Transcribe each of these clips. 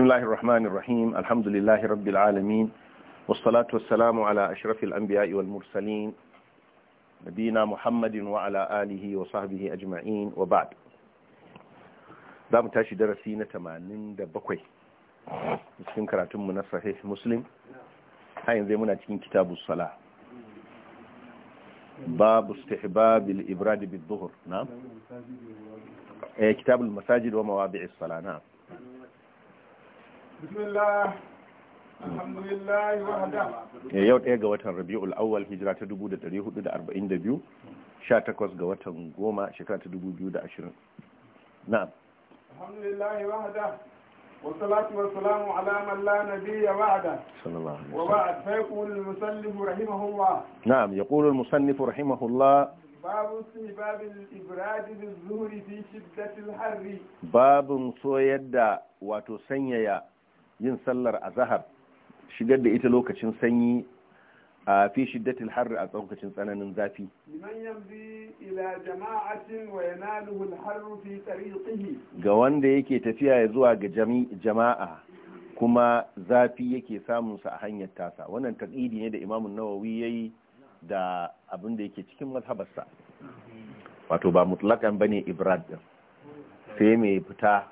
بسم الله الرحمن الرحيم الحمد لله رب العالمين والصلاة والسلام على أشرف الأنبياء والمرسلين نبينا محمد وعلى آله وصحبه أجمعين وبعد دام تاشي درسينا تمانين دبقوي مسكين كراتم من صحيح مسلم هاي زمنا تكين كتاب الصلاة باب استحباب الإبراد بالظهر نعم كتاب المساجد ومواضع الصلاة نعم Alhamdulillah, eh, yau ɗaya ga watan Rabi'ul Awwal hijira ta 1442, sha takwas ga watan goma shekara ta 2020. Na. Alhamdulillah, wahada. wasalatu wasalamu alamun la nabiya wa'ada wa ba'ad fai kuli musallifu rahimahullah na'am ya kuli musallifu rahimahullah babin su yi babin ibradi da zuri fi shiddatil babin so yadda wato sanyaya yin sallar azahar shigar da ita lokacin sanyi a fi shiddatil har a tsokacin tsananin zafi ga wanda yake tafiya ya zuwa ga jama'a kuma zafi yake samun samunsa a hanyar tasa wannan taƙidi ne da imamun nawawi ya yi da abin da yake cikin mazhabarsa wato ba mutlakan bane ibrahim sai mai fita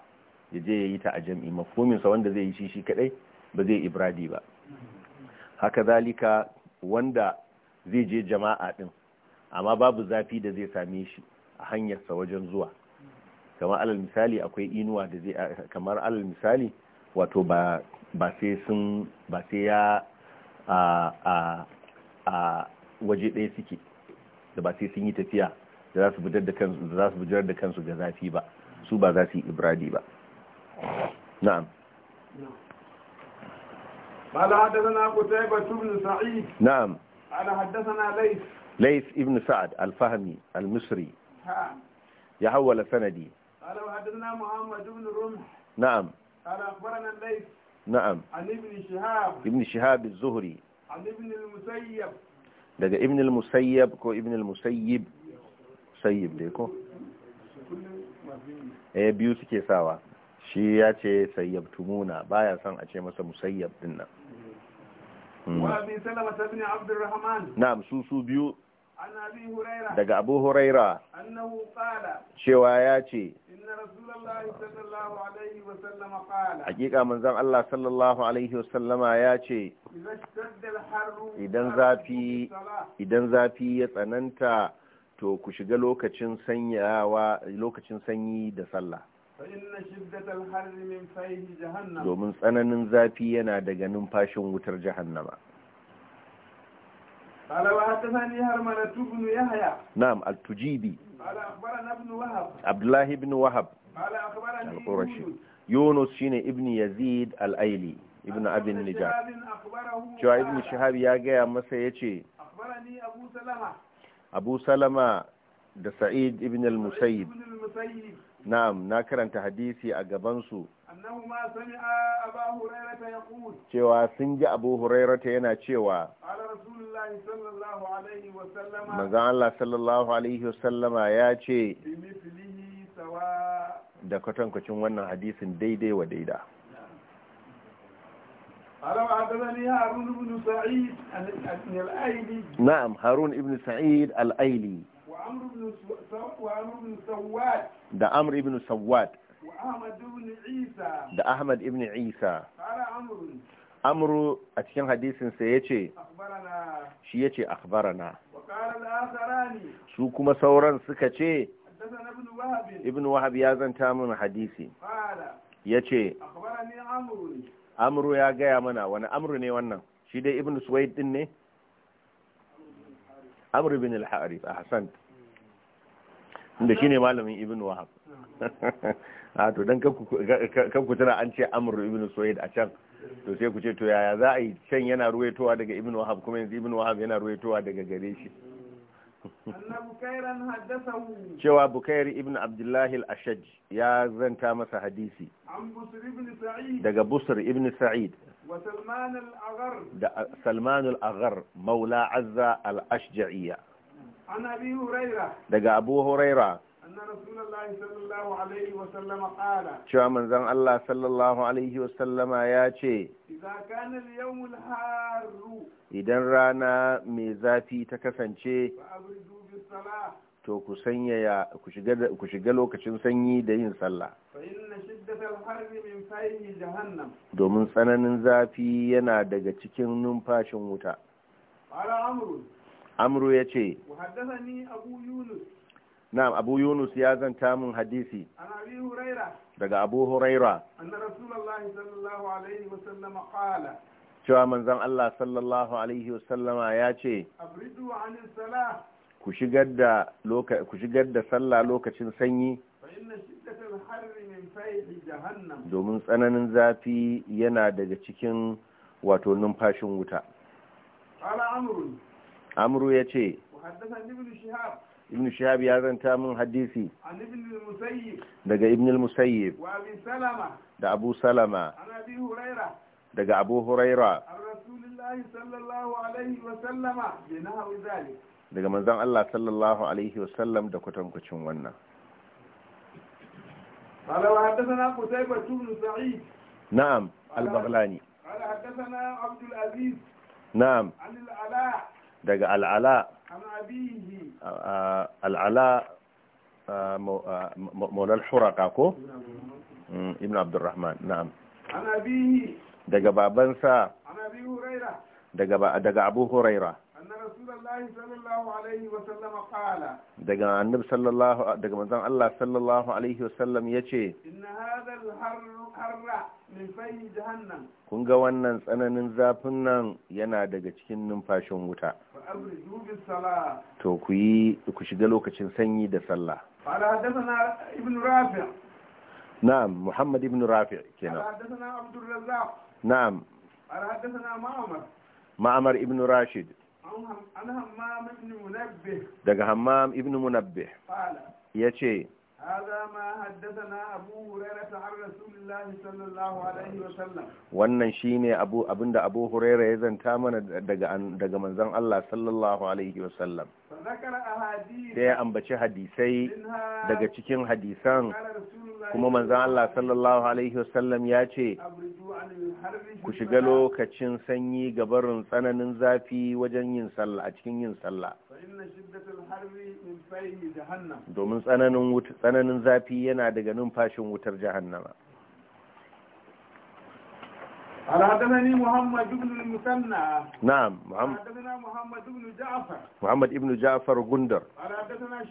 ya je ya yi ta a jam'i sa wanda zai yi shi shi kadai ba zai ibradi ba haka zalika wanda zai je jama'a din amma babu zafi da zai same shi a hanyarsa wajen zuwa kamar alal misali akwai inuwa da zai kamar alal misali wato ba sai sun ba sai ya a a a waje ɗaya suke da ba sai sun yi tafiya da za su fitar da kansu da da kansu ga zafi ba su ba za su yi ibradi ba نعم قال حدثنا قتيبة بن سعيد نعم قال حدثنا ليث ليث ابن سعد الفهمي المصري نعم. يحول سندي قال حدثنا محمد بن رمح نعم قال أخبرنا ليث نعم عن ابن شهاب ابن شهاب الزهري عن ابن المسيب ده ابن المسيب كو ابن المسيب سيب ليكو ايه بيوتي كيساوا shi ya ce sayyab tumuna baya son a ce masa musayyab din nan hmm. na'am su su biyu daga abu huraira cewa ya ce hakika manzan Allah sallallahu alaihi wasallama ya ce idan zafi ya tsananta to ku shiga lokacin sanyi da sallah domin tsananin zafi yana daga numfashin wutar jahannama na'am al-tujibi abdullahi ibn wahab al-qurashi yunus shine ibn yazid al-aili ibn abin nijar cewa ibn shahab ya gaya masa ya ce abu salama da sa'id ibn al-musayyib na'am na karanta hadisi a gabansu cewa sun ji abu hurairata yana cewa manzan Allah sallallahu alaihi wasallama ya ce da kwatankwacin wannan hadisin daidai wa daida na'am harun ibn sa'id al-aili da amr ibn sawad da ahmad ibn isa amru a cikin hadisinsa ya ce shi ya ce akbarana su kuma sauran suka ce ibn wahab ya zanta mun hadisi ya ce amru ya gaya mana wani amru ne wannan shi dai ibn suwaid din ne amru bin al-harith ahsanta inda shine malamin ibn wahab a ah, to dan kan ku tana an ce amru ibn suwaid a can to sai ku ce to yaya za a yi can yana ruwaitowa daga ibn wahab kuma yanzu ibn wahab yana ruwaitowa daga gare shi cewa bukairi ibn abdullahi al-ashaj ya zanta masa hadisi daga busr ibn sa'id da salman al-aghar maula azza al-ashja'iyya daga abu huraira cewa manzon Allah sallallahu alaihi wasallama ya ce idan rana mai zafi ta kasance to ku sanyaya ku shiga lokacin sanyi da yin sallah domin tsananin zafi yana daga cikin numfashin wuta amru ya ce na'am abu yunus ya zanta min hadisi daga abu huraira cewa manzan Allah sallallahu alaihi wasallama ya ce ku ku shigar da sallah lokacin sanyi domin tsananin zafi yana daga cikin wato numfashin wuta amru ya ce ibn shihab ya zanta min hadisi daga ibn al-musayyib da abu salama daga abu huraira daga manzan Allah sallallahu alaihi wasallam da kwatankwacin wannan na'am al-baghlani na'am daga al'ala al'ala maular shuraka ko ibn abdurrahman mm, na'am daga babansa daga abu huraira daga annab sallallahu daga manzon Allah sallallahu alaihi wasallam yace inna hadha al-harra min fahi jahannam kun ga wannan tsananin zafin nan yana daga cikin numfashin wuta to ku yi ku shiga lokacin sanyi da sallah ala hadathana ibn rafi' na'am muhammad ibn rafi' kenan hadathana abdurrazzaq na'am ala hadathana ma'mar ma'mar ibn rashid daga hammam ibn munabbe ya ce wannan shi ne abinda abu huraira ya zanta mana daga manzan Allah sallallahu alaihi wasallam sai ya ambaci hadisai daga cikin hadisan kuma manzan Allah sallallahu alaihi wasallam ya ce ku shiga lokacin sanyi ga barin tsananin zafi wajen yin sallah a cikin yin sallah domin tsananin zafi yana daga numfashin wutar jahannama حدثني محمد بن المثنى نعم محمد بن جعفر محمد بن جعفر غندر حدثنا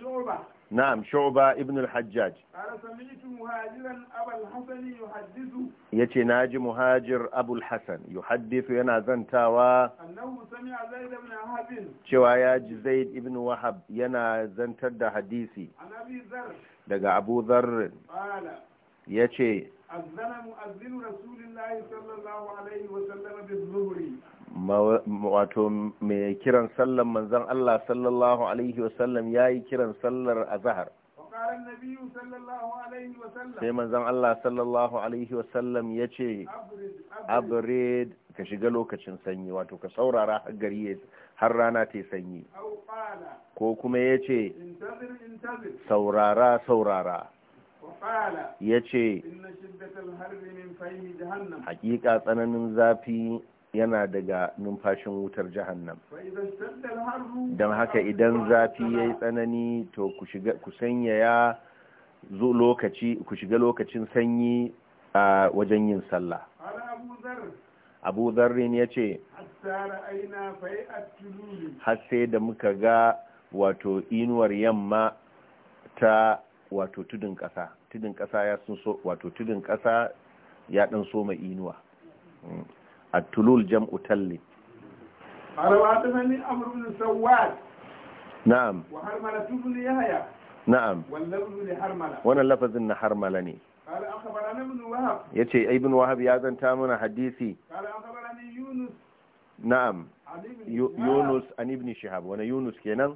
نعم شعبة ابن الحجاج أنا سمعت مهاجرا أبا الحسن يحدث يتي ناجي مهاجر أبو الحسن يحدث ينا زنتاوا أنه سمع زيد بن وهب شواياج زيد ابن وهب ينا زنتد حديثي عن أبي ذر دقى أبو ذر قال يتي أذن مؤذن رسول الله صلى الله عليه وسلم بالظهر wato mai kiran sallan manzan Allah sallallahu alaihi wasallam ya yi kiran sallar azahar sai manzan Allah sallallahu alaihi wasallam ya ce abrid ka shiga lokacin sanyi wato ka saurara gari har rana ta sanyi ko kuma ya ce saurara saurara ya ce hakika tsananin zafi yana daga numfashin wutar jahannam don haka idan zafi ya yi tsanani to ku sanyaya ku shiga lokacin sanyi a wajen yin sallah abu zarrin ya ce har sai da muka ga wato inuwar yamma ta wato tudun ƙasa tudun ƙasa ya sun so wato tudun ƙasa ya ɗan so mai inuwa mm. a tulul jam'u tallin ta nani amurin sawad na'am wa harmala tubul yahya na'am wallahu li harmala wannan lafazin na harmala ne ya ce ibn wahab ya zanta mana hadisi na'am yunus an ibn shihab wani yunus kenan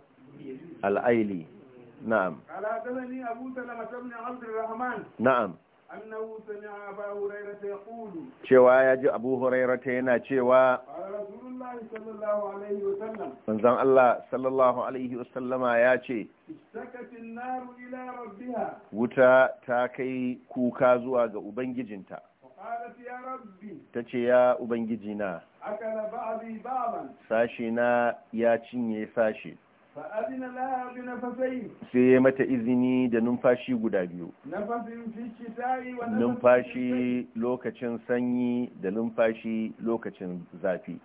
al'aili نعم قال حدثني أبو سلمة بن عبد الرحمن نعم أنه سمع أبا هريرة يقول شوى يجي أبو هريرة هنا شوى قال رسول الله صلى الله عليه وسلم منزل الله صلى الله عليه وسلم يا شي اشتكت النار إلى ربها وتا تاكي كوكا زواج أبنججنتا قالت يا ربي تشي يا أبنججنا أكل بعضي بعضا ساشي نا يا تشيني ساشي sai ya mata izini da numfashi guda biyu numfashi lokacin sanyi da numfashi lokacin zafi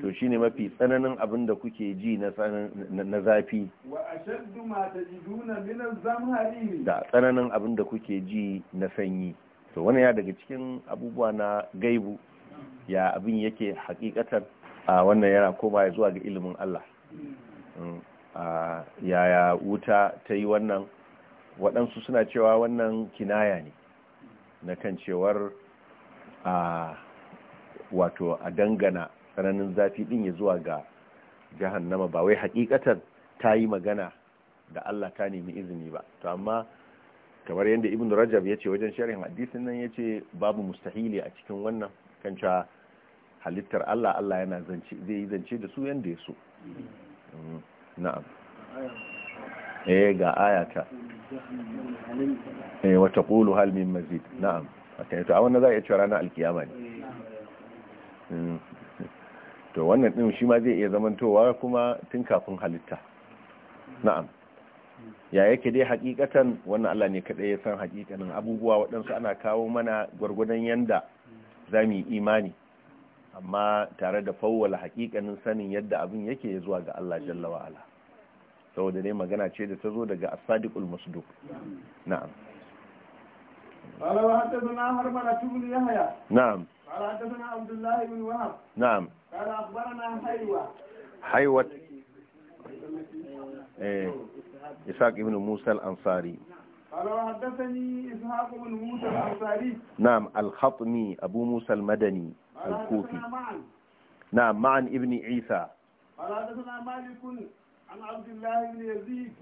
to shi ne mafi tsananin abin da kuke ji na zafi da tsananin abin da kuke ji na sanyi to wani ya daga cikin abubuwa na gaibu ya abin yake hakikatar a wannan yana koma zuwa ga ilimin Allah mm, yaya wuta ta yi wannan waɗansu suna cewa wannan kinaya ne na kan cewar a wato a dangana tsananin zafi ɗin ya zuwa ga nama ba wai haƙiƙatar ta yi magana da Allah ta nemi izini ba to amma kamar yadda ibn rajab ya ce wajen sharhin hadisin nan ya ce babu mustahili a cikin wannan kan cewa halittar Allah Allah yana zance zai yi zance da su yanda ya so mm. na'am eh ga ayata eh wata kulu hal min mazid na'am okay to a wannan za a iya cewa ranar alkiyama ne mm. to wannan din shi ma zai iya zamantowa kuma tun kafin halitta na'am ya yake dai hakikatan wannan Allah ne kadai ya san hakikanin abubuwa waɗansu ana kawo mana gwargwadon yanda za mu yi imani amma tare da fawwala hakikanin sanin yadda abin yake zuwa ga Allah jalla wa ala saboda ne magana ce da ta zo daga as-sadiqul musduq na'am qala wa na'am wahab na'am qala akhbarana eh ibn musa al-ansari قال وحدثني إسحاق بن موسى al نعم الكوفي نعم معن ابن عيسى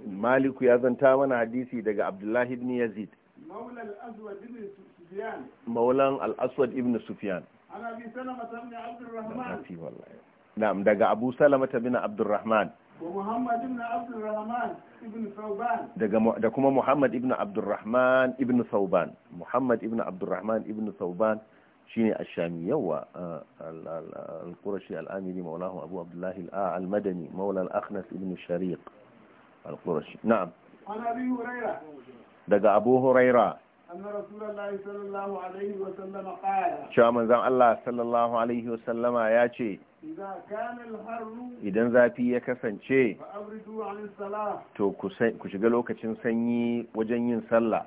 مالك يا زنتا من حديثي دقى عبد الله بن يزيد مولى الأسود بن سفيان مولى الأسود بن سفيان أنا أبي سلمة بن عبد الرحمن والله نعم دقى أبو سلمة بن عبد الرحمن ومحمد بن عبد الرحمن ابن ثوبان دقى محمد ابن عبد الرحمن ابن ثوبان محمد ابن عبد الرحمن ابن ثوبان shine ashami yawa eh, al-qurashi al-amiri maulahu abu abdullahi ah, al-madani maula al-akhnas ibn shariq al-qurashi na'am daga abu huraira cewa manzan Allah sallallahu alaihi sallama ya ce idan zafi ya kasance to ku shiga lokacin sanyi wajen yin sallah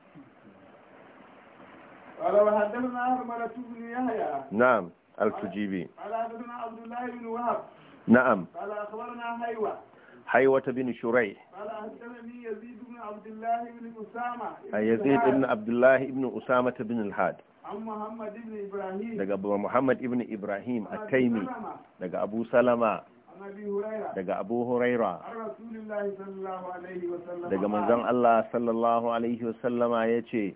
قال وحدثنا حرملة بن يحيى نعم الكجيبي قال حدثنا عبد الله بن وهب نعم قال أخبرنا حيوة حيوة بن شريح قال أخبرني يزيد بن عبد الله بن أسامة يزيد بن عبد الله بن أسامة بن الهاد عن محمد بن إبراهيم daga Muhammad ibn Ibrahim at-Taimi daga Abu Salama daga Abu Huraira daga manzon Allah sallallahu alaihi wasallama yace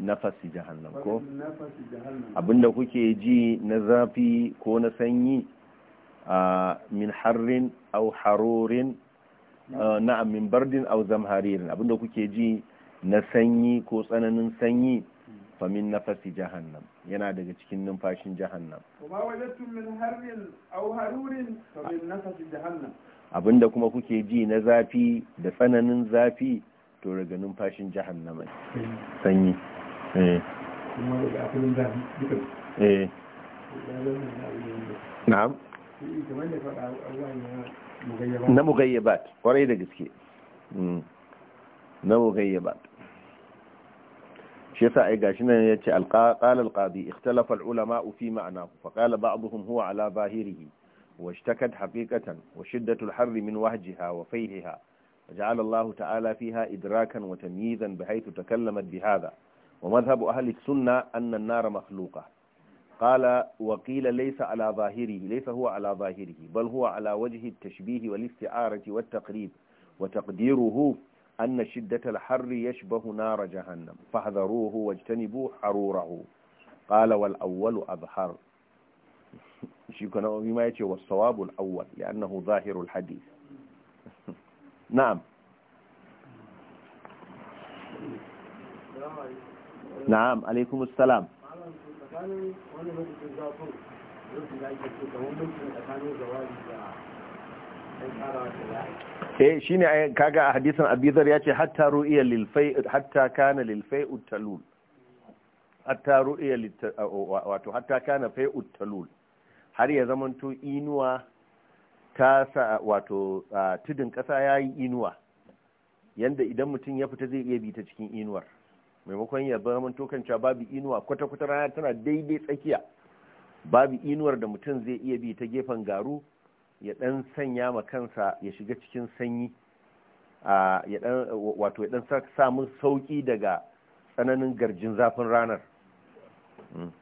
nafasi jahannam ko abinda kuke ji na zafi ko na sanyi min harrin au harorin na min bardin au zamharirin abinda kuke ji na sanyi ko tsananin sanyi famin nafasi jahannam yana daga cikin numfashin jahannam abinda kuma kuke ji na zafi da tsananin zafi to daga numfashin jahannama eh. sanyi eh. Eh. na mugayyabat kwarai da gaske hmm. na mugayyabat shi yasa ai gashi nan yace ikhtalafar ulama ufi ma'ana fi ma'nahu faqala ba'dhum huwa ala zahirihi washtakat haqiqatan wa shiddatu alharr min wahjiha wa fayhiha جعل الله تعالى فيها إدراكا وتمييزا بحيث تكلمت بهذا ومذهب أهل السنة أن النار مخلوقة قال وقيل ليس على ظاهره ليس هو على ظاهره بل هو على وجه التشبيه والاستعارة والتقريب وتقديره أن شدة الحر يشبه نار جهنم فاحذروه واجتنبوا حروره قال والأول أظهر شيكنا بما يتي والصواب الأول لأنه ظاهر الحديث na'am na'am alaikum assalam eh shine kaga a hadisin abizar ya ce hatta ru'iya lil fai hatta kana lil fai wato hatta kana fai utalul har ya zamanto inuwa ta sa wato tudun ƙasa ya yi inuwa yanda idan mutum ya fita zai iya bi ta cikin inuwar maimakon ya bar man babu inuwa kwata-kwata rana tana daidai tsakiya babu inuwar da mutum zai iya bi ta gefen garu ya dan sanya ma kansa ya shiga cikin sanyi ya dan wato ya dan samu sauki daga tsananin garjin zafin ranar hmm.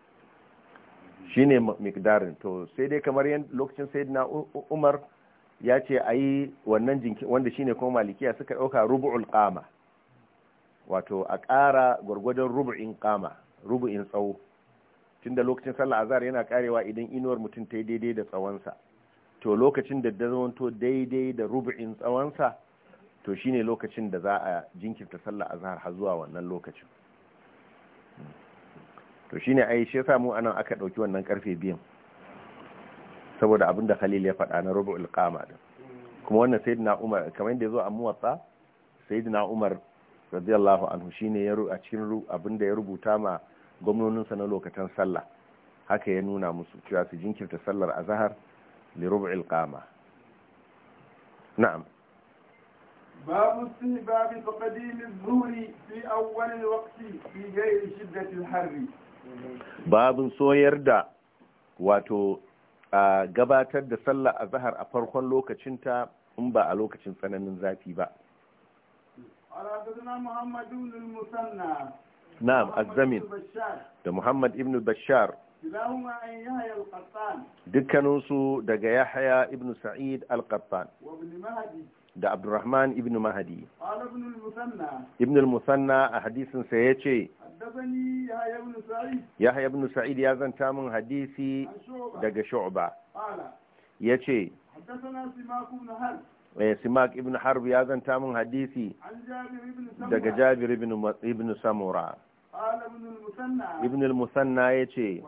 Shi ne mikdarin to sai dai kamar lokacin na Umar ya ce a yi wannan jinki wanda shi ne kuma malikiya suka ɗauka rubu'ul qama wato a ƙara gwargwadon rubu'in ƙama rubu'in tsawo tun da lokacin sallah azhar yana karewa idan inuwar mutum ta yi daidai da tsawonsa to lokacin da zamanto daidai da rubu'in tsawonsa to shi ne lokacin da za a jinkirta sallah azhar har zuwa wannan lokacin to shi ne ai shi samu anan aka ɗauki wannan karfe biyan saboda abin da Khalil ya faɗa na rubu qama ɗin kuma wannan na Umar kamar yadda zo a sai na Umar radiyallahu anhu shi ne a cikin abin da ya rubuta ma gwamnoninsa na lokacin sallah haka ya nuna musu cewa su jinkirta sallar azhar li rubu'il qama na'am باب استحباب تقديم الظهر في أول الوقت fi gairi shiddatin harbi babin soyar da wato a gabatar da sallah a zahar a farkon lokacinta in ba a lokacin tsananin zafi ba na'am azzamin da muhammad ibn bashar dukkaninsu daga yahaya ibn sa'id al-qattan da abdurrahman ibn mahadi ibn al-musanna a hadisinsa ya ce yahya ibn sa'id ya zanta min hadisi daga shu'ba yace haddathana simak ibn harb simak harb ya zanta min hadisi daga jabir ibn ibn samura ibn al-musanna yace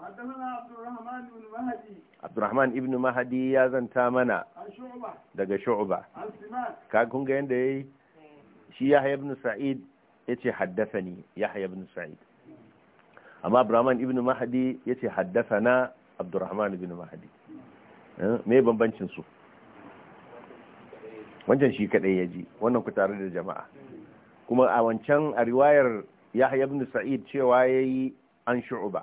abdurrahman ibn mahdi ya zanta mana daga shu'ba ka kun ga yayi shi شيخ ابن sa'id yace haddathani yahya ibn sa'id amma abrahman ibn mahdi yace haddathana abdurrahman ibn mahdi eh, me bambancin su wancan shi kadai yaji wannan ku tare da jama'a kuma a wancan a riwayar yahya ibn sa'id cewa yayi an shu'ba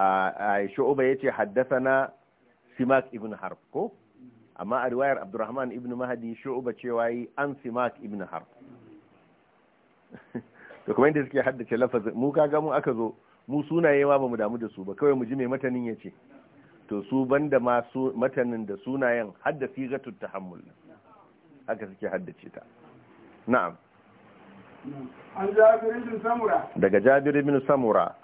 a shu'ba yace haddathana simak ibn harb ko amma a riwayar abdurrahman ibn mahdi shu'ba cewa yi an simak ibn harb to kuma inda suke haddace lafazin mu kaga mu aka zo mu sunaye ma bamu damu da su ba kawai mu ji mai matanin ya ce to su banda ma su matanin da sunayen hadda sigatu tahammul haka suke haddace ta na'am an jabir ibn samura daga jabir ibn samura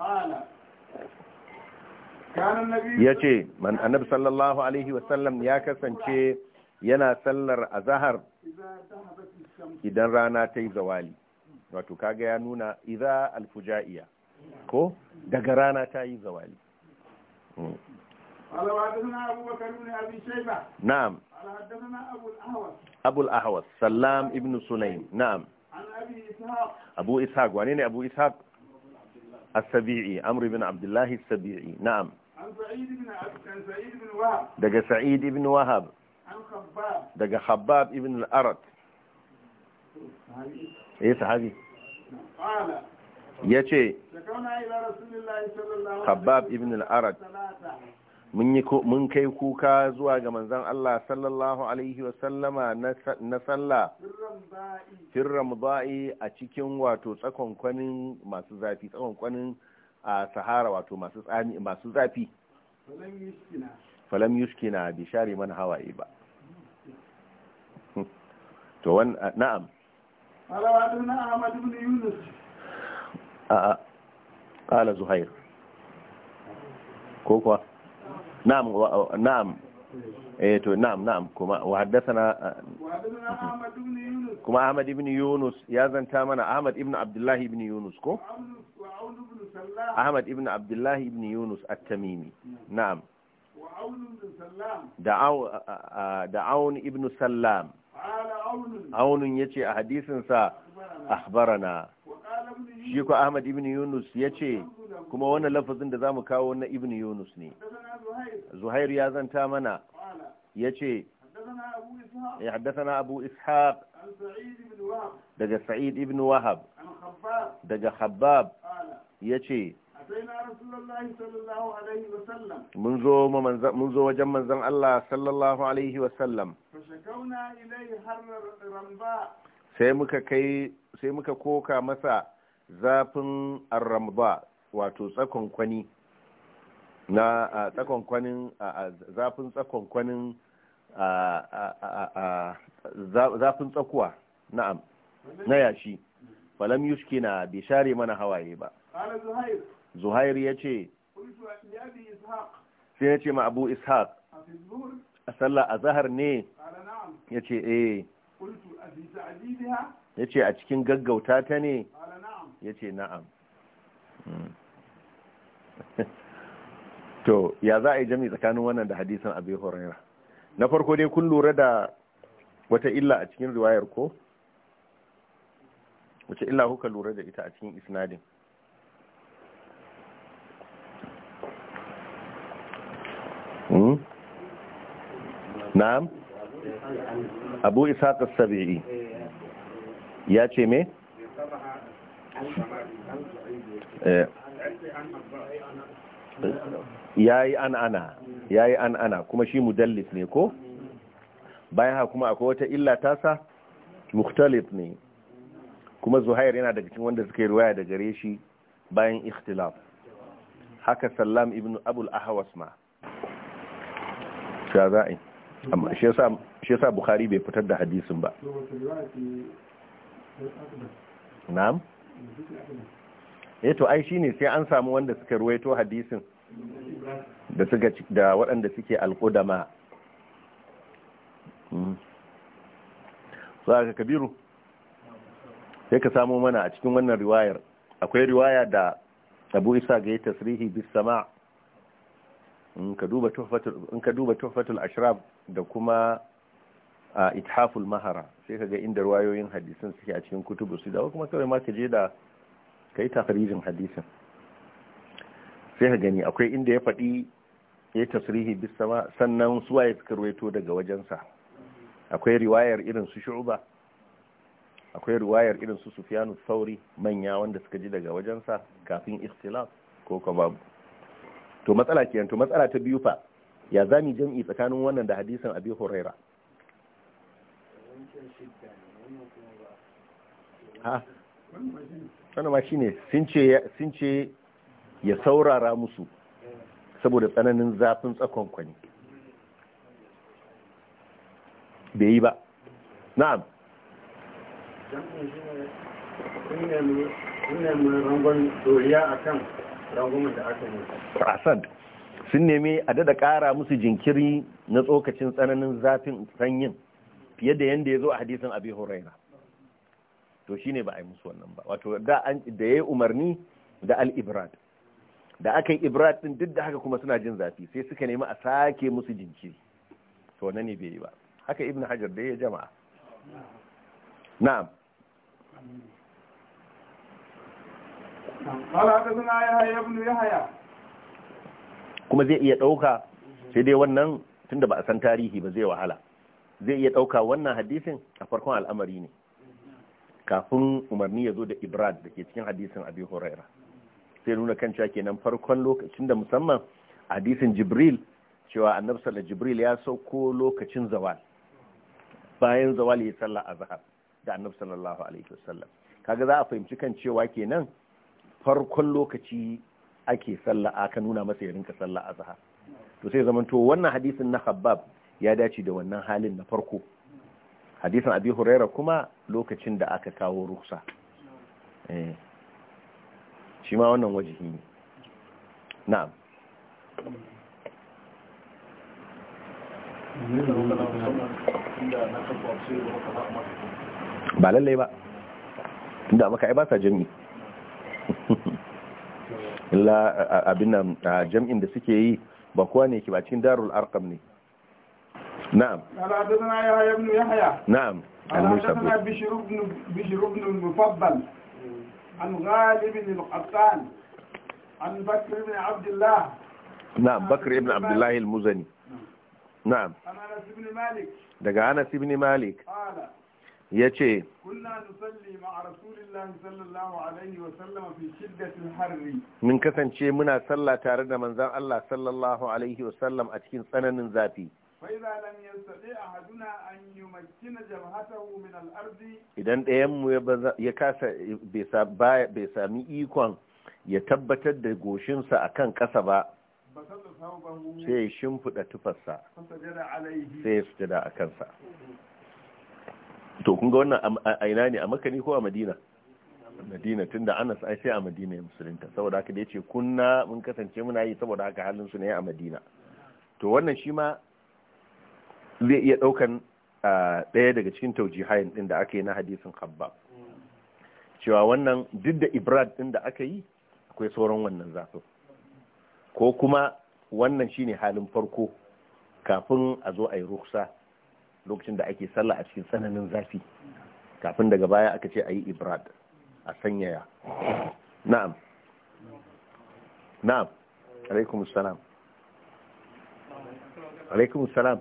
ya ce annabi sallallahu alaihi wasallam ya kasance yana sallar azahar idan rana ta yi zawali wato kaga ya nuna idza alfuja'iya ko daga rana ta yi zawali نعم أبو الأحوص سلام ابن سليم نعم أبو إسحاق وعنين أبو إسحاق السبيعي عمرو بن عبد الله السبيعي نعم عن سعيد بن وهب دقى سعيد بن وهب عن خباب دقى خباب ابن الأرت eh sahabi ya ce habab ibn al mun kai kuka zuwa ga manzan Allah sallallahu alaihi wasallama na sallah firram ba'i a cikin wato tsakonkwanin masu zafi tsakonkwanin a sahara wato masu zafi falam yushkina bishari share man hawaye ba to na'am ala zuhair ko kuwa na'am na'am na'am na'am kuma wa haddathana kuma ahmad ibn yunus ya zanta mana ahmad ibn abdullah ibn yunus ko ahmad ibn abdullah ibn yunus at na'am da'aw ibn sallam aunun ya ce a hadisinsa ahbarana shi ku ahmad ibn yunus ya ce kuma wannan lafazin da za mu kawo na ibn yunus ne zuhair ya zanta mana ya ce ya haddasa abu ishaq eh, daga sa'id ibn wahab daga habab ya ce mun zo mun zo wajen manzon Allah sallallahu alaihi wa sallam sai muka kai sai muka koka masa zafin ar-ramda wato tsakon kwani na tsakon kwanin zafin tsakon kwanin zafin tsakuwa na'am na yashi falam yushkina bi share mana hawaye ba zuhair ya ce sai ya ce ma abu ishaq a sallah a zahar ne ya ce eh ya ce a cikin gaggauta ta ne ya ce na'am to ya za a yi jami tsakanin wannan da hadisan abu horaira na farko dai kun lura da wata illa a cikin riwayar ko wace illa kuka lura da ita a cikin isnadin na'am abu ishaq al sabii ya ce me eh. yayi an ana yayi an ana kuma shi mudallis ne ko bayan haka kuma akwai wata illa tasa mukhtalif ne kuma zuhair yana daga cikin wanda suka yi ruwaya da gare shi bayan ikhtilaf haka sallam ibn abul ahwas ma shaza'i amma shi yasa bukhari bai fitar da hadisin ba na'am eh to ai shine sai an samu wanda suka ruwaito hadisin da suka da waɗanda suke alqudama so hmm. aka kabiru sai ka samu mana a cikin wannan riwayar akwai riwaya da Abu Isa ga yi tasrihi bis sama' in ka duba tuhfatul ashraf da kuma a ithaful mahara sai ka ga inda ruwayoyin hadisin suke a cikin kutubu su da kuma kawai ma ka je da ka yi hadisin sai ka gani akwai inda ya faɗi ya tasrihi bis sama sannan waye suka ruwaito daga wajensa akwai riwayar irin su Shu'uba, akwai riwayar irin su sufyanu sauri manya wanda suka ji daga wajensa kafin ikhtilaf ko ka babu to matsala kenan to matsala ta biyu fa ya zami jami'i tsakanin wannan da hadisin abi huraira ha wannan shine sun ce sun ce ya saurara musu saboda tsananin zafin tsakon kwani bai yi ba na'am inda mai rangon doriya akan asad sun nemi a dada kara musu jinkiri na tsokacin tsananin zafin sanyin fiye da yadda ya zo a hadisin abi huraira to shi ne ba a yi musu wannan ba wato da ya yi umarni da al-ibrad da aka yi ibrad din duk da haka kuma suna jin zafi sai suka nemi a sake musu jinkiri to wannan ne bai yi ba haka ibn hajar da ya jama'a na'am kuma zai iya ɗauka sai dai wannan tunda ba a san tarihi ba zai wahala zai iya ɗauka wannan hadisin a farkon al'amari ne kafin umarni ya zo da ibrad da ke cikin hadisin abin horaira sai nuna kan cewa kenan farkon lokacin da musamman hadisin jibril cewa annabi da jibril ya sauko lokacin zawal bayan zawal ya yi sallah zahar da annabi sallallahu Allah wasallam kaga za a fahimci kan cewa kenan farkon lokaci ake sallah aka nuna masa ya rinka sallah azhar to sai zaman to wannan hadisin na Habbab ya dace da wannan halin na farko hadisin Abi Huraira kuma lokacin da aka kawo ruksa. eh shi ma wannan wajihi ne na'am ba lallai ba tunda maka ai ba sa jami'i la abin nan jam'in da suke yi ba kuwa ne ke ba darul arqam ne na'am yahya ibn yahya na'am bishr ibn bishr ibn mufaddal an ghalib ibn al na'am bakr ibn abdullah al-muzani na'am ana ibn malik daga ana ibn malik Ya ce. Kuna musalli ma a Sallallahu alaihi wa sallam a bishiyyar da shan hari. Mun kasance muna sallah tare da manzan Allah Sallalahu alaihi wa sallam a cikin tsananin zafi. Faizu da manyan saɗai a haduna a yammacin jama'a ta wumin al'adu. Idan ɗayanmu ya kasa bai sami ikon ya tabbatar da goshinsa a kan ƙasa ba, sai shimfida tufasa sai su dada a kansa. to kun ga wannan a ina ne a makani ko a madina madina tunda anas ai sai a madina ya musulunta saboda haka da ce kunna mun kasance muna yi saboda haka halin su ne a madina to wannan shi ma zai iya daukan daya daga cikin taujihain din da aka yi na hadisin habba cewa wannan duk da ibrad din da aka yi akwai sauran wannan zafin ko kuma wannan shine halin farko kafin a zo a yi ruksa lokacin da ake sallah a cikin tsananin zafi kafin daga baya aka ce a yi ibrad a sanyaya na'am na'am alaikum salam alaikum salam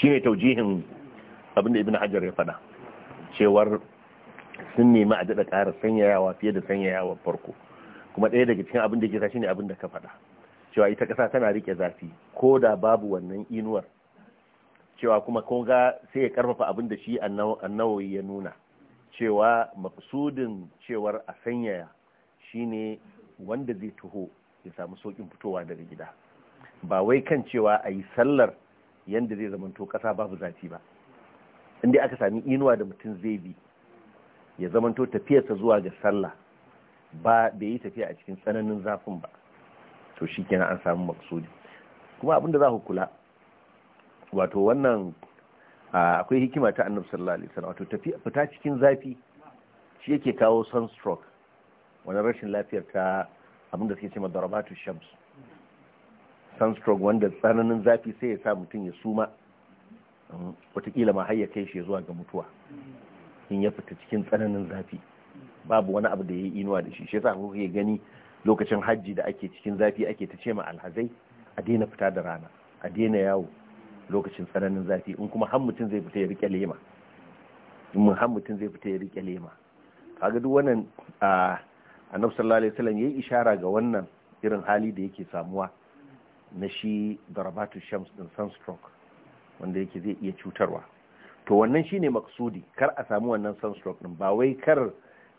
shi ne taujihin abinda ibn hajar ya fada cewar sun nemi a daɗa ƙara sanyayawa fiye da sanyayawa farko kuma ɗaya daga cikin abin da ke tashi ne abin da ka faɗa cewa ita ƙasa tana riƙe zafi ko da babu wannan inuwar cewa kuma koga ga sai ya ƙarfafa abin da shi annawoyi ya nuna cewa maksudin cewar a sanyaya shine wanda zai taho ya samu sauƙin fitowa daga gida ba wai kan cewa a yi sallar yadda zai zamanto ƙasa babu zafi ba inda aka sami inuwa da mutum zai bi ya zamanto tafiyarsa zuwa ga sallah ba da yi tafiya a cikin tsananin zafin ba to shi kenan an samu maksudi kuma abinda za ku kula wato wannan akwai hikima ta annabi sallallahu wato tafiya fita cikin zafi shi yake kawo sunstroke wani rashin lafiyar ta abinda suke cewa darabatu shams sunstroke wanda tsananin zafi sai ya sa mutum ya suma watakila ma har kai shi zuwa ga mutuwa in ya fita cikin tsananin zafi babu wani abu da ya yi inuwa da shi shi yasa kuke gani lokacin hajji da ake cikin zafi ake ta ce ma alhazai a daina fita da rana a daina yawo lokacin tsananin zafi in kuma har zai fita ya rike lema in har mutum zai fita ya rike lema kaga duk wannan a annabi sallallahu alaihi wasallam yayi ishara ga wannan irin hali da yake samuwa na shi darabatu shams din sunstroke wanda yake zai iya cutarwa to wannan shine maksudi kar a samu wannan sunstroke din ba wai kar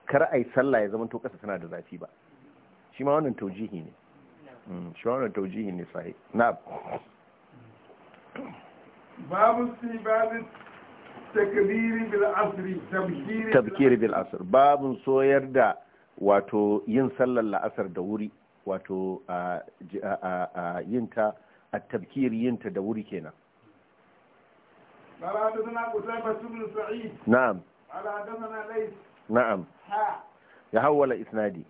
kar a yi sallah ya zama to kasa tana da zafi ba shi ma wannan taujihi ne hmm, shi ma wannan taujihi ne sahi na babu si babu takbiri bil asri tabkiri bil asr babun soyar da wato yin sallar la'asar da wuri wato yin ta a tabkir yin ta da wuri kenan قال حدثنا قتيبة بن سعيد نعم قال حدثنا ليث نعم ya hawwala isnadi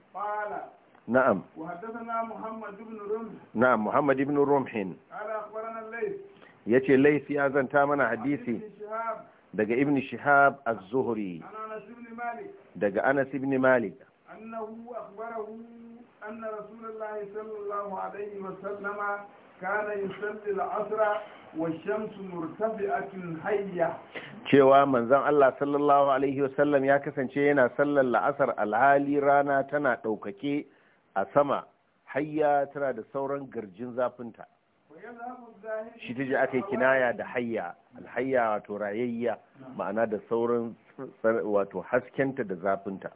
نعم وحدثنا محمد بن رمح نعم محمد بن رمح قال أخبرنا الليث يتي الليث يا زنتا منا حديثي دقى ابن شهاب الزهري أنا أنس بن مالك دقى أنس بن مالك أنه أخبره أن رسول الله صلى الله عليه وسلم kana yusalli al-asra washamsu murtafi'atun hayya cewa manzon Allah sallallahu alaihi wasallam ya kasance yana sallar la'asar alhali rana tana daukake a sama hayya tana da sauran garjin zafinta shi ta ji aka yi kinaya da hayya alhayya wato rayayya ma'ana da sauran wato haskenta da zafinta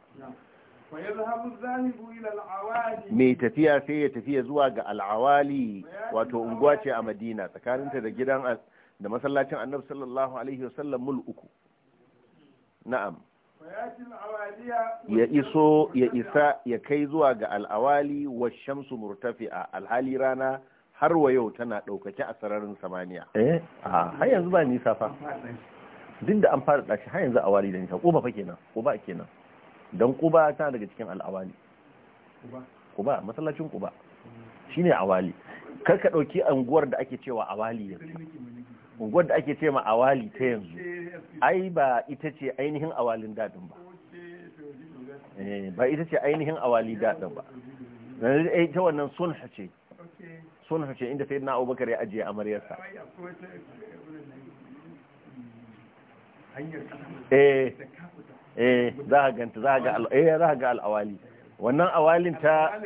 mai tafiya sai ya tafiya zuwa ga al'awali wato unguwa ce a madina tsakaninta da gidan da masallacin annabi sallallahu alaihi wasallam mul uku na'am ya iso ya isa ya kai zuwa ga al'awali wa shamsu murtafi'a alhali rana har wa yau tana ɗaukake a sararin samaniya eh har yanzu ba nisa fa duk da an fara dashi har yanzu awali da nisa ko ba fa kenan ko ba kenan don kuba ta daga cikin al'awali kuba masallacin kuba ne awali kar ka ɗauki anguwar da ake cewa awali yanzu unguwar da ake cewa awali ta yanzu ai ba ita ce ainihin awalin daɗin ba ba ita ce ainihin awali daɗin ba ta wannan sunha ce sunha ce inda sai na abubakar ya ajiye amaryarsa eh eh za a ganta za ga eh za a ga al'awali wannan awalin ta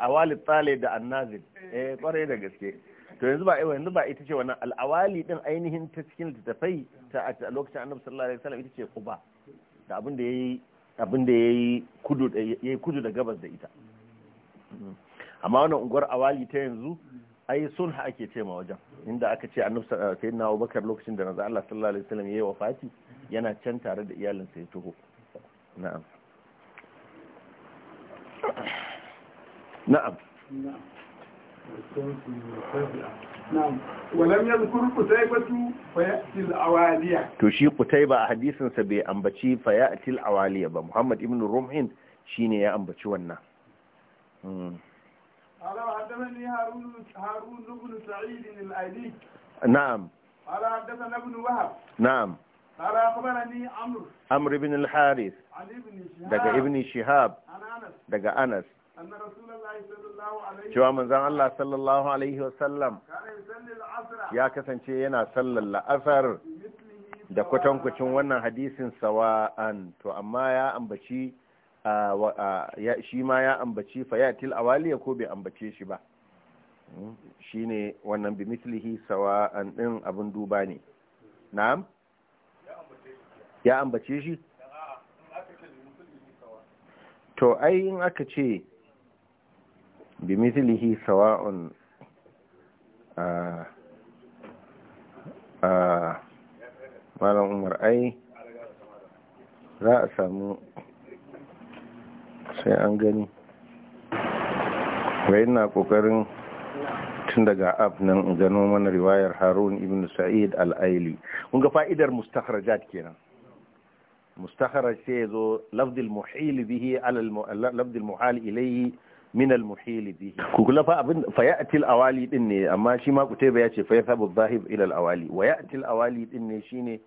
awali tsale da annazil eh kwarai da gaske to yanzu ba yanzu ba ita ce wannan al'awali din ainihin ta cikin littattafai ta a lokacin annabi sallallahu alaihi wasallam ita ce quba da abin da yayi abin da yayi kudu yayi kudu da gabas da ita mm-hmm. amma wannan unguwar awali ta yanzu ai sunha ake ce ma wajen inda aka ce annabi sayyidina Abubakar lokacin da manzo Allah sallallahu alaihi wasallam yayi wafati yana can tare da iyalinsa ya taho na'am na'am walam ya zukuru kutaibatu fayatil awaliya to shi kutaiba a hadisinsa bai ambaci fayatil awaliya ba muhammad ibn rumhin shine ya ambaci wannan قال وحدثني هارون هارون بن سعيد الايلي نعم قال حدثنا ابن Wahab. Na'am. Amr ibn al-Harith daga ibn Shihab daga Anas cewa manzan Allah sallallahu Alaihi wasallam ya kasance yana sallar la'asar da kwatankucin wannan hadisin sawa'an to amma ya ambaci shi ma ya ambaci fayatil awaliya ko bai ambace shi ba shi ne wannan bimislihi sawa'an ɗin abin duba ne na'am ya ambace shi to ai in aka ce bi mithlihi sawa'un a a malam umar ai za a samu sai an gani wai na kokarin tun daga app nan gano mana riwayar harun ibn sa'id al-aili kun ga fa'idar mustakhrajat kenan mustakharaj sai ya zo lafdil muhil bihi alal lafdil muhal ilayhi min al muhil bihi ku kula fa abin fa ya'ti al awali din ne amma shi ma ku ya ce fa yasabu zahib ila al awali wa ya'ti al awali din ne shine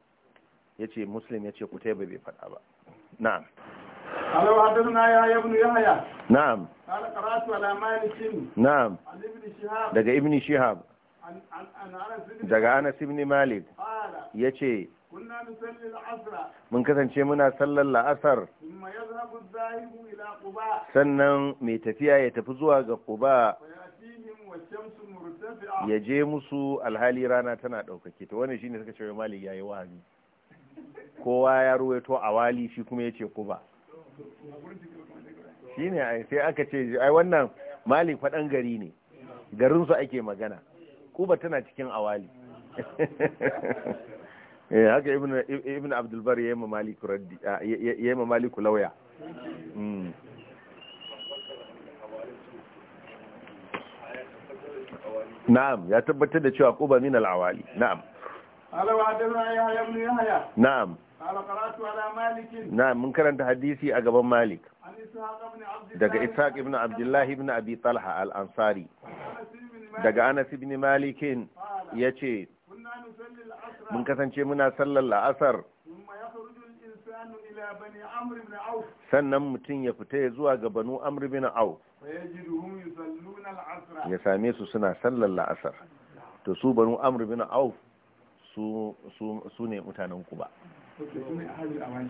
yace muslim yace kutaiba bai faɗa ba na'am قال وحدثنا يا ابن يحيى نعم قال قرات على مالك نعم عن ابن شهاب دغ ابن شهاب عن عن انس بن مالك قال يجي mun kasance muna sallar la'asar sannan mai tafiya ya tafi zuwa ga kuba ya je musu alhali rana tana ɗaukake ta wani shine suka mali malik yayi wahami kowa ya ruwaito a wali shi kuma ya ce kuba shi ne sai aka ce ai wannan mali faɗan gari ne garinsu ake magana kuba tana cikin awali eh haka ibn ibn abdul bar yayi ma malik raddi hmm. na'am ya tabbatar da cewa quba min al-awali na'am yahya na'am ala ala na'am mun karanta hadisi a gaban malik daga ishaq ibn abdullah ibn abi talha al-ansari daga anas ibn malik yace mun kasance muna sallar la'asar sannan mutum ya fita ya zuwa ga banu amri bin au ya same su suna sallar la'asar to su banu amri bin au su ne mutanen kuba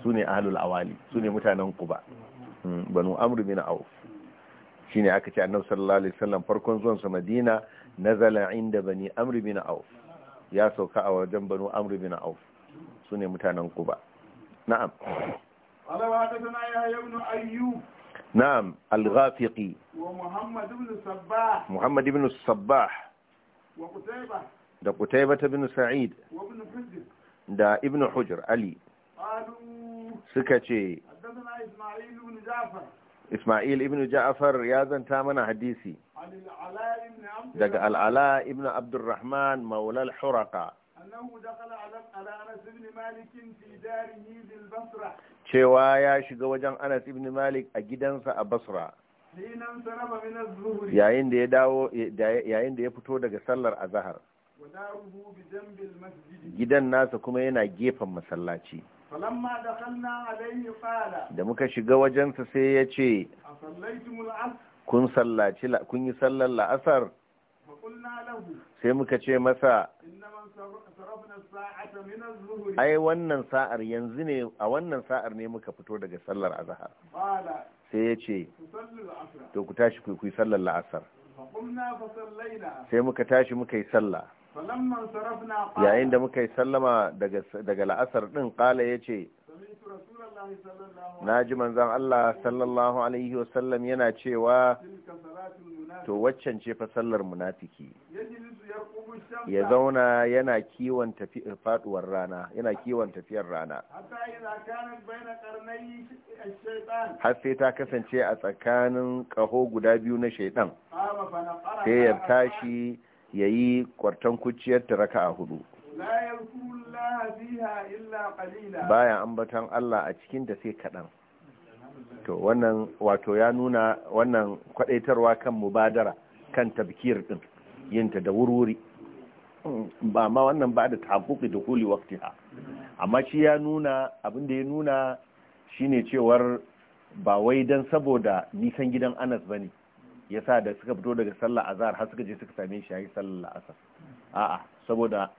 su ne ahalul awali su ne mutanen kuba hmm, banu amri bin auf shine aka ce annabi sallallahu alaihi wasallam farkon zuwan sa madina nazala inda bani amri bin auf ya sauka a wajen banu amr bin auf su ne mutanen kuba na'am na'am al-ghafiqi wa muhammad ibn sabbah sabbah wa da qutayba ibn sa'id da ibn hujr ali suka ce na Isma'il بن جعفر Ismail ibn Ja'far ya zanta mana hadisi daga al'ala ibn Abdurrahman maulal huraka cewa ya shiga wajen Anas ibn Malik a gidansa a Basra yayin ya yayin da ya fito daga sallar azahar gidan nasa kuma yana gefen masallaci da muka shiga wajensa sai ya ce kun sallaci kun yi sallar la'asar sai muka ce masa ai wannan sa'ar yanzu ne a wannan sa'ar ne muka fito daga sallar azahar sai ya ce to ku tashi ku yi sallar la'asar sai muka tashi muka yi sallar yayin da muka yi sallama daga la'asar ɗin ƙala ya ce na ji manzan Allah sallallahu alaihi wasallam yana cewa to waccan ce fa sallar munafiki ya zauna yana kiwon faduwar rana yana kiwon tafiyar rana har sai ta kasance a tsakanin kaho guda biyu na shaidan sai ya tashi ya yi kwartan kuciyar ta raka a hudu bayan ambatan Allah a cikin da sai kaɗan to wannan wato ya nuna wannan kwadaitarwa kan mubadara kan tabkir ɗin yinta da wurwuri ba ma wannan ba da tabuki da kuli ha amma shi ya nuna abinda ya nuna shine cewar ba wai don saboda nisan gidan Anas ba ne. ya sa da suka fito daga sallar azhar har suka je suka same shi yayi sallar asar a'a saboda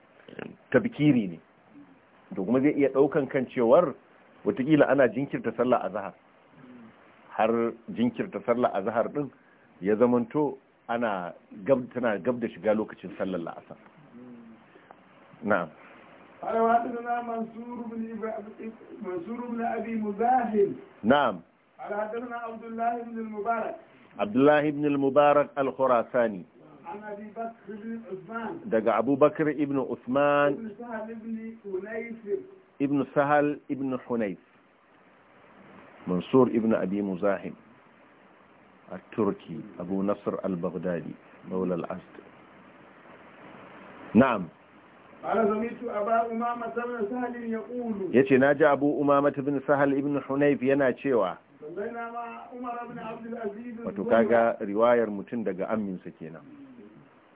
tabkiri ne to kuma zai iya daukan kan cewar watakila ana jinkirta sallar azhar har jinkirta sallar azhar din ya zamanto ana gab tana gab da shiga lokacin sallar la'asar na'am ala wa منصور mansur منصور mansur ابي abi muzahil na'am ala عبد الله بن mubarak Abdullah ibn al-Mubarak Daga Abu Bakr ibn Usman. Ibn Sahal ibn Hunayf. Mansur ibn Abi Muzahim. al Abu Nasr al-Baghdadi, Mawla al Ya ce, Na ji Abu Umar Matabin Sahal Ibn Hunayf yana cewa, wato kaga riwayar mutum daga amminsa kenan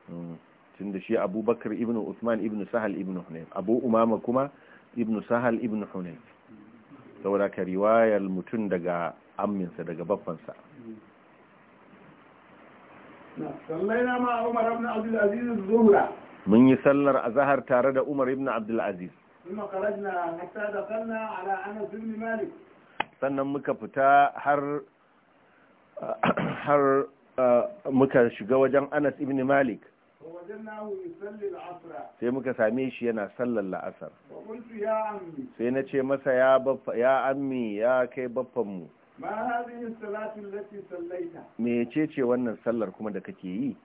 mm. tun da shi abubakar ibn usman ibn sahal ibn hunayf abu umama kuma ibn sahal ibn hunayf saboda ka riwayar mutum daga amminsa daga babbansa mun yi sallar a zahar tare da umar ibn abdulaziz ثم sannan muka fita har har eh, muka shiga wajen Anas ibn Malik sai muka same shi yana sallar la'asar sai na ce masa ya ammi ya kai baffanmu me ce ce wannan sallar kuma da kake yi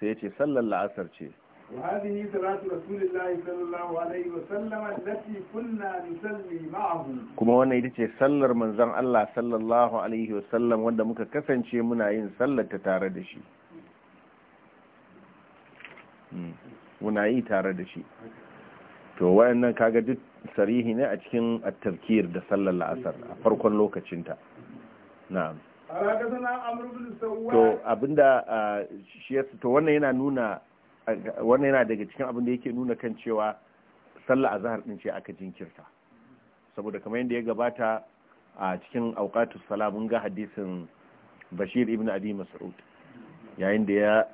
sai ce sallar la'asar ce وهذه صلاة رسول الله صلى الله عليه وسلم التي كنا نصلي معه كما وانا يتيجي سلر من زن الله صلى الله عليه وسلم وانا مكا كسن شي منا ين سلر تتاردشي منا ين تاردشي to wayannan kaga duk sarihi ne a cikin at-tazkir da sallar la'asar a farkon lokacin ta na'am to abinda shi to wannan yana nuna wannan yana daga cikin abin da yake nuna kan cewa sallah azhar din ce aka jinkirta saboda kamar yadda ya gabata a cikin auqatus sala mun ga hadisin Bashir ibn Abi Mas'ud yayin da ya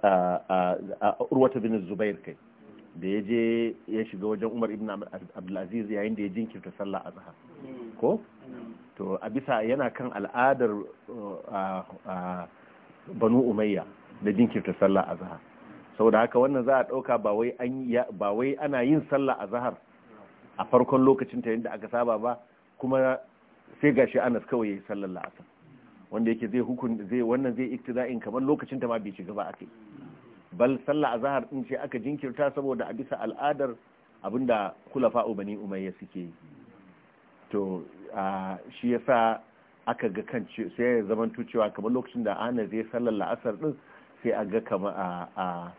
a urwata bin Zubair kai da ya je ya shiga wajen Umar ibn Aziz yayin da ya jinkirta sallah azhar ko to a bisa yana kan al'adar banu umayya da jinkirta sallah azhar saboda haka wannan za a ɗauka ba wai ana yin sallah a zahar a farkon lokacin ta yadda aka saba ba kuma sai gashi anas kawai ya yi sallar la'asar wanda yake zai hukun zai wannan zai iktiza'in kamar lokacin ta ma bai shiga ba akai bal sallah a zahar din ce aka jinkirta saboda a bisa al'adar abinda kulafa ubani umayya suke yi to shi yasa aka ga kan sai ya zamanto cewa kamar lokacin da anas zai sallar la'asar din sai a ga kamar a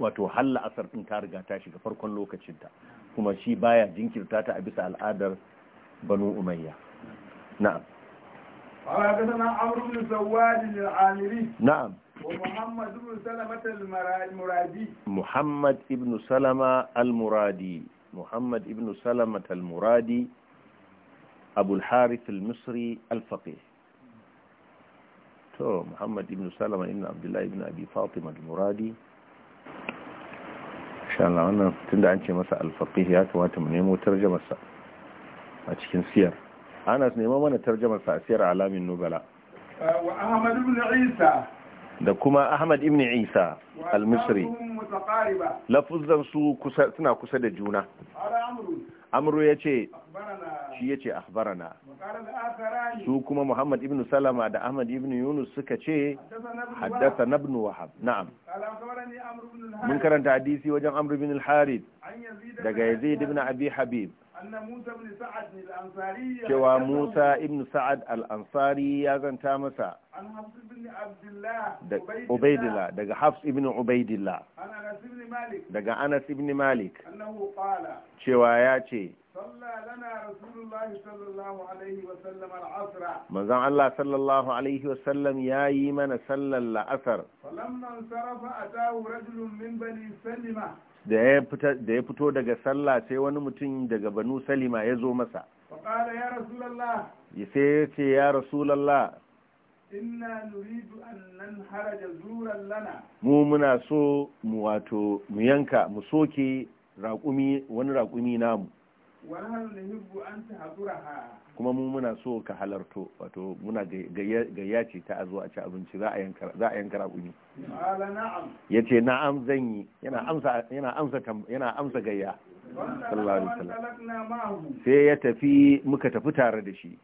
wato halla asar ɗin ta riga ta shiga farkon lokacin ta, kuma shi baya jinkirta ta a bisa al'adar banu umayya na'am na'am muhammad ibn salama al-muradi muhammad ibn salama al-muradi abul harith al-misri al-faqih to muhammad ibn salama ibn abdullahi ibn abi fatima al-muradi insha wannan tunda an ce masa al ya kamata mu nemo tarjumar sa a cikin siyar ana nemo mana tarjumar sa a siyar alamin nubala wa Ahmad ibn Isa da kuma Ahmad ibn Isa al-Misri lafuzan su suna kusa da juna amru ya ce shi ya ce ahbarana su kuma muhammad ibn salama da ahmad ibn yunus suka ce haddasa nabnu wahab na'am mun karanta hadisi wajen amru bin al daga yazid ibn abi habib cewa Musa ibn Sa'ad al-Ansari ya zanta masa da daga Hafs ibn Ubaidillah daga Anas ibn Malik cewa ya ce manzon Allah sallallahu alaihi wasallam ya yi mana sallar la'asar da ya fito daga sallah sai wani mutum daga banu salima ya zo masa sai ya ce ya rasulallah inna nuridu an nan haraja zuran lana mu muna so mu wato mu yanka mu soke wani raƙumi namu kuma mu muna so ka halarto wato muna gayya ce ta azo a ci abinci za a yanka raƙumi ya ce na'am zan yi yana amsa gayya sai ya tafi muka tafi tare da shi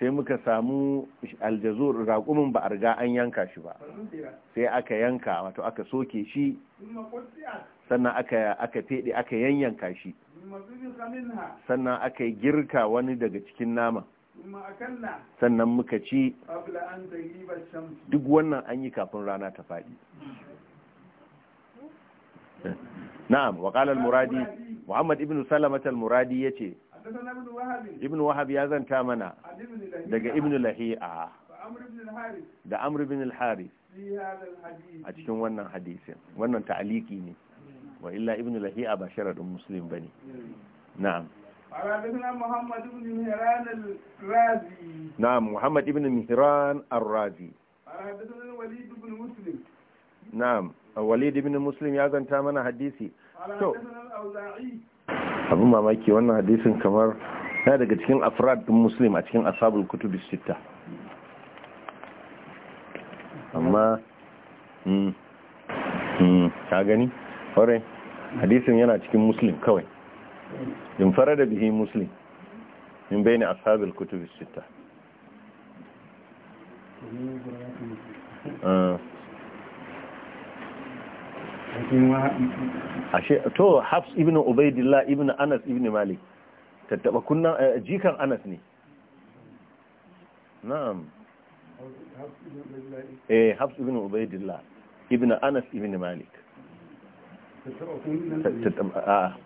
sai muka samu aljazur raƙumin ba a riga an yanka shi ba sai aka yanka wato aka soke shi sannan aka aka fede aka yanyanka shi sannan aka yi girka wani daga cikin nama sannan muka ci duk wannan an yi kafin rana ta faɗi na'am wa muradi muhammad ibn salamat muradi muradi ce ibn wahab ya zanta mana daga ibn lahi'a da amr ibn al-harith a cikin wannan hadisin wannan ta'aliki ne wa illa ibn lahi'a ba sharadin muslim bane na'am حدثنا محمد بن مهران al-razi. محمد بن مهران الرازي حدثنا الوليد بن مسلم نعم الوليد بن مسلم mana hadisi to abin mamaki wannan hadisin kamar na daga cikin afrad din muslim a cikin ashabul kutubi sita amma hmm, hmm, ka gani ƙwarai hadisin yana cikin muslim kawai in fara da bihi muslim in bai ne sabil kutubis sita ah. ashe to hafs ibn ubaidillah ibn anas ibn malik tattaba kunnan eh, jikan anas ne na'am eh hafs ibn ubaidillah ibn anas ibn malik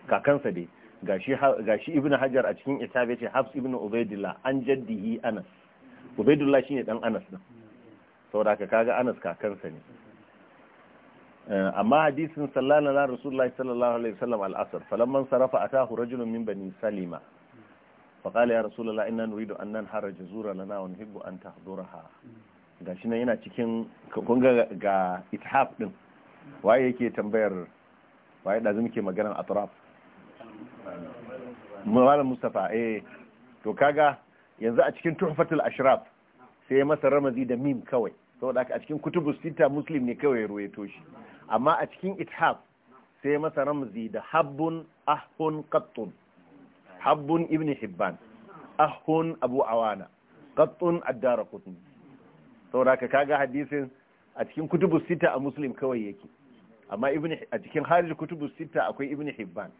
kakansa dai gashi ibn hajar a cikin ita ce hafs ibn ubaidullah an jaddihi anas ubaidullah shine dan anas din saboda ka kaga anas kakansa ne eh, amma hadisin sallana na rasulullahi sallallahu alaihi wasallam al-asr falamman sarafa atahu rajulun min bani salima فقال يا رسول الله إنا نريد na ننحر جزورا لنا ونحب أن Ga gashi nan yana cikin kunga ga ithaf din waye yake tambayar waye da muke maganar atraf malam mustafa eh to kaga yanzu a cikin tuhfatul ashraf sai masa ramazi da mim kawai saboda haka a cikin kutubus sita muslim ne kawai ruwaito shi amma a cikin ithaf sai masa ramzi da habbun ahun qattun habbun ibn hibban ahun abu awana qattun ad-darqutni saboda haka kaga hadisin a cikin kutubus sita a muslim kawai yake amma a cikin harin kutubu sita akwai ibn hibban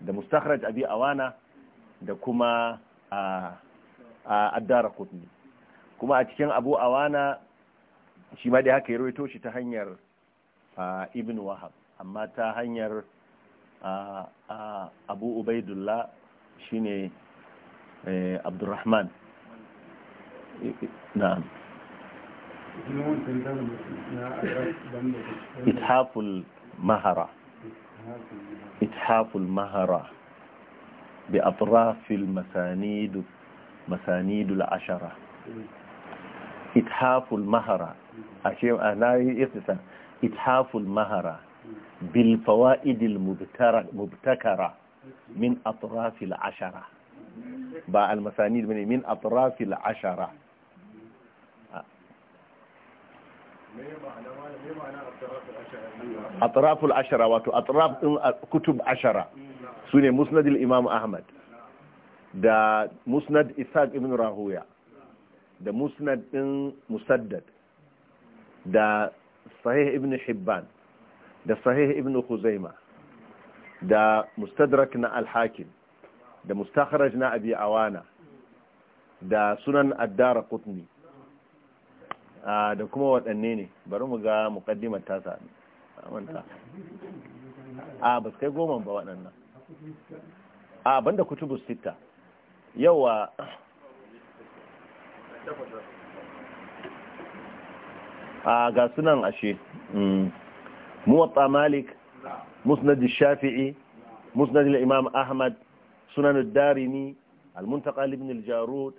da mustakhraj abi awana da kuma a addara kutni kuma a cikin abu awana shi ma da haka ya roito shi ta hanyar ibn wahab amma ta hanyar abu ubaidullah shine eh, abdurrahman na'am إتحاف المهرة إتحاف المهرة بأطراف المسانيد مسانيد العشرة إتحاف المهرة أنا إتحاف المهرة بالفوائد المبتكرة من أطراف العشرة بقى المسانيد من إيه؟ أطراف العشرة atraful ashara wato atraf din kutub ashara sune musnad al-imam ahmad da musnad ishaq ibn rahuya da musnad din musaddad da sahih ibn hibban da sahih ibn khuzaima da mustadrak na al-hakim da mustakhraj na abi awana da sunan ad-darqutni da kuma waɗanne ne bari mu ga muƙaddimar tasa manta a ba su kai goma ba waɗannan a banda kutubu sita yawa a ga sunan ashe mm. muwatsa malik musnad shafi'i musnad imam ahmad sunan darimi al-muntaqa ibn al-jarud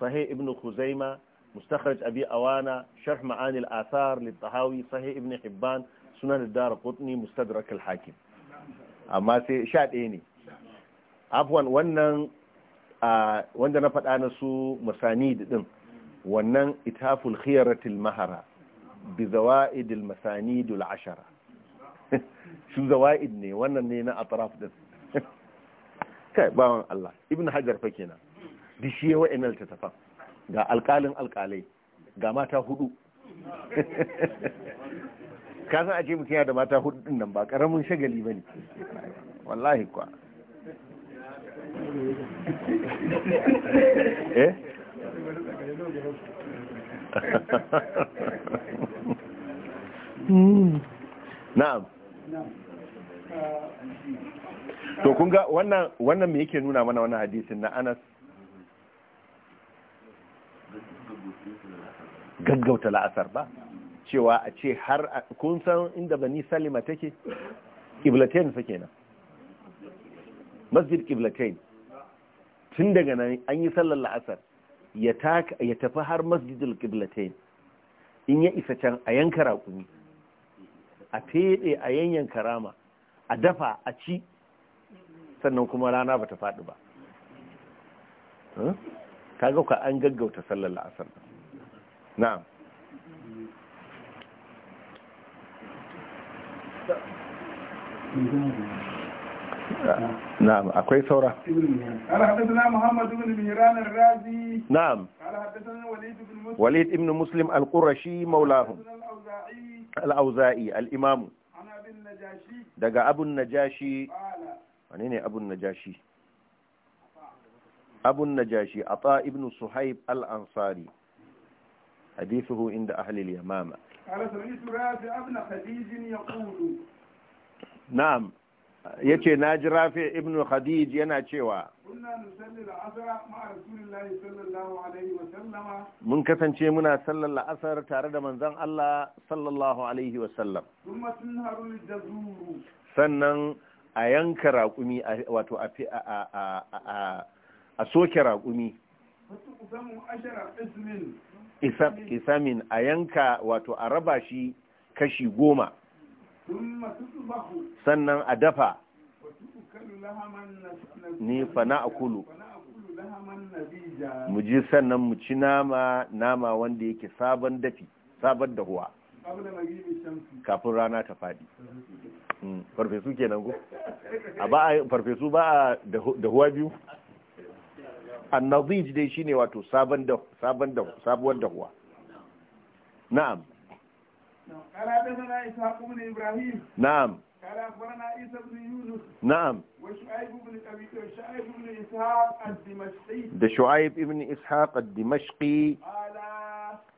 sahih ibn khuzaimah مستخرج أبي Awana, شرح معاني الآثار للطهاوي Sahi Ibn حبان سنن الدار قطني مستدرك الحاكم أما sai شاد إيني عفوا ونن wanda na faɗa na su masanid ɗin wannan itaful khiyaratul mahara bi zawaidil masanidul ashara su zawaid ne wannan ne na atraf din kai bawan Allah ibn hajar fa kenan dishi wa'anal tatafan ga alkalin alkalai ga mata hudu ka san a mutum yana da mata hudu din nan ba karamin shagali ba ne wallahi kwa eh hmm. na'am to kun ga wannan wannan me yake nuna mana wannan hadisin na Anas gaggauta la'asar ba cewa a ce har kun san inda bani salima take kiblatain fa kenan masjid kiblatain tun daga nan an yi sallar la'asar ya tafi har masjidul kiblatain in ya isa can a yanka raƙumi a feɗe a yanyan karama a dafa a ci sannan kuma rana ba ta faɗi ba kaga ka an gaggauta sallar la'asar na نعم أكوي ثورة قال حدثنا محمد بن ميران الرازي نعم قال حدثنا وليد بن مسلم وليد ابن مسلم القرشي مولاه الاوزاعي الأوزاعي الإمام عن أبي النجاشي دقى أبو النجاشي قال عنيني ابو النجاشي abun najashi ata ibn suhaib al-ansari hadithuhu inda ahli al-yamama na'am yace ji rafi ibn khadij yana cewa mun kasance muna sallar la'asar tare da manzon Allah sallallahu alaihi wa sallam sannan a yanka raƙumi wato a a a a a a soke raƙumi isamin a yanka wato a raba shi kashi goma sannan a dafa ni fa na akulu mu ji sannan mu ci nama nama wanda yake sabon dafi sabon dahuwa kafin rana ta faɗi hmm, farfesu kenan ku a ba a farfesu ba a dahuwa biyu annaziz dai shine wato sabon da sabon da sabuwar na'am na'am ibn yusuf na'am wa shu'aib da shu'aib ibn ishaq dimashqi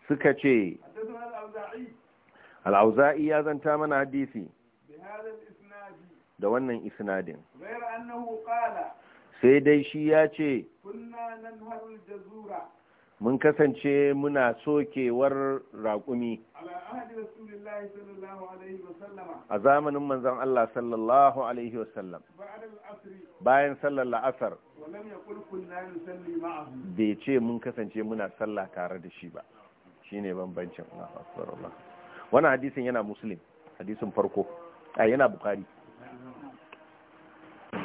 suka ce al ya zanta mana hadisi da wannan isnadin sai dai shi ya ce mun kasance muna sokewar raƙumi a zamanin manzan Allah sallallahu alaihi wasallam bayan sallar la'asar bai ce mun kasance muna sallah tare da shi ba shine bambancin wani hadisin yana muslim hadisin farko a yana bukari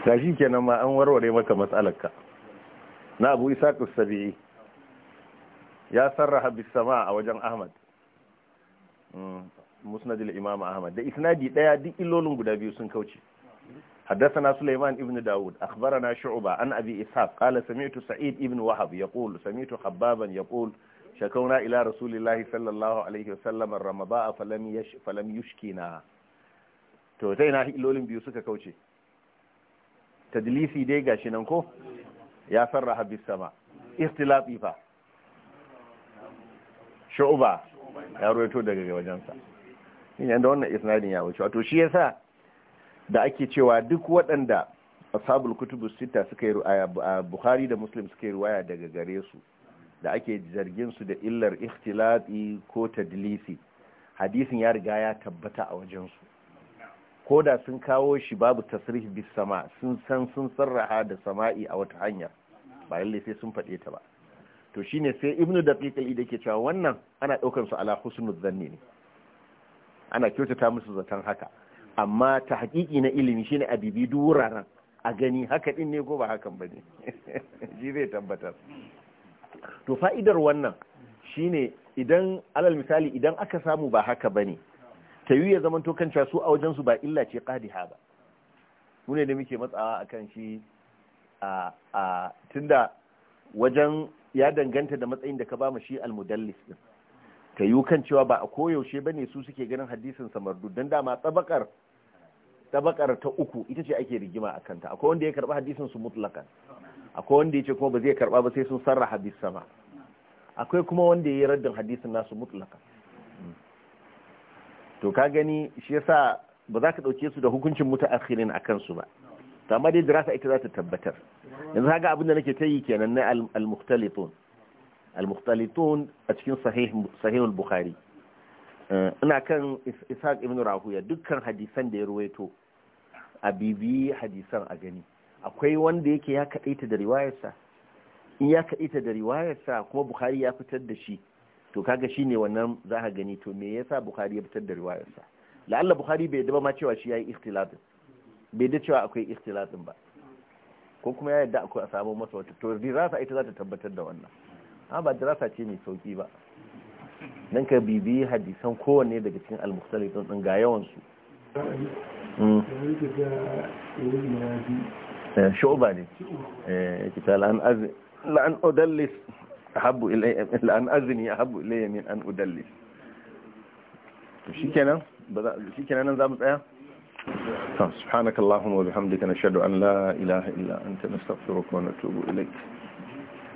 ta shi kenan ma an warware maka matsalarka na abu isa sabi'i ya sarraha bisama a wajen ahmad musnadil imam ahmad da isnadi daya duk illolin guda biyu sun kauce حدثنا سليمان ابن داود أخبرنا شعبة عن أبي إسحاق قال سمعت سعيد ابن وهب يقول سمعت حبابا يقول شكونا إلى رسول الله صلى الله عليه وسلم الرمضاء فلم, يش فلم يشكينا توتينا هي لولين بيوسك كوشي tadlisi dai ga shi nan ko ya sarraha bis sama istilafi fa shu'ba ya ruwaito daga wajensa shi wannan isnadin ya wuce wato shi yasa da ake cewa duk waɗanda ashabul kutubu sita suka yi bukhari da muslim suka yi ruwaya daga gare su da ake zargin su da illar ikhtilafi ko tadlisi hadisin ya riga ya tabbata a wajen su ko da sun kawo shi babu tasrih bis sama sun san sun sarraha da sama'i a wata hanya ba lalle sai sun faɗe ta ba to shine sai ibnu daqiq al ke cewa wannan ana daukar su ala husnul zanni ne ana kyautata musu zaton haka amma ta hakiki na ilimi shine a bibi a gani haka din ne ko ba hakan bane shi zai tabbatar to fa'idar wannan shine idan alal misali idan aka samu ba haka bane ta yi ya zama to su a wajen su ba illa ce qadiha ba mu da muke matsawa a kan shi a da wajen ya danganta da matsayin da ka ba mu shi almudallis ɗin ta yi kan cewa ba a koyaushe ba ne su suke ganin hadisin samardu don dama tsabakar tsabakar ta uku ita ce ake rigima a kanta akwai wanda ya karba hadisin su mutlakan akwai wanda ya ce kuma ba zai karba ba sai sun sarra hadis sama akwai kuma wanda ya yi raddin hadisin nasu mutlakan to ka gani shi yasa ba za ka ɗauke su da hukuncin mutu akhirin a kansu ba to amma dai dirasa ita za ta tabbatar yanzu haka abin da nake ta yi kenan na al-muhtalitun al-muhtalitun a cikin sahih bukhari eh, ina kan ishaq ibn rahuya dukkan hadisan da ya ruwaito a bibiyi hadisan a gani akwai wanda yake ya kaɗaita da riwayarsa in ya kaɗaita da riwayarsa kuma bukhari ya fitar da shi to kaga shine wannan za ka gani to me yasa bukhari ya fitar da riwayarsa la'alla bukhari bai daba ma cewa shi yayi ikhtilafin bai da cewa akwai ikhtilafin ba ko kuma ya yadda akwai a samu masa wata to dirasa ita za ta tabbatar da wannan amma ba dirasa ce mai sauki ba nan ka bibi hadisan kowanne daga cikin al don din ga yawan su hmm. eh, Shoba ne eh kitab an az la'an an udallis ahabbu ilayya an azni ahabbu ilayya min an udalli. to shikenan ba shikenan tsaya subhanakallahumma wa bihamdika nashhadu an la ilaha illa anta nastaghfiruka wa natubu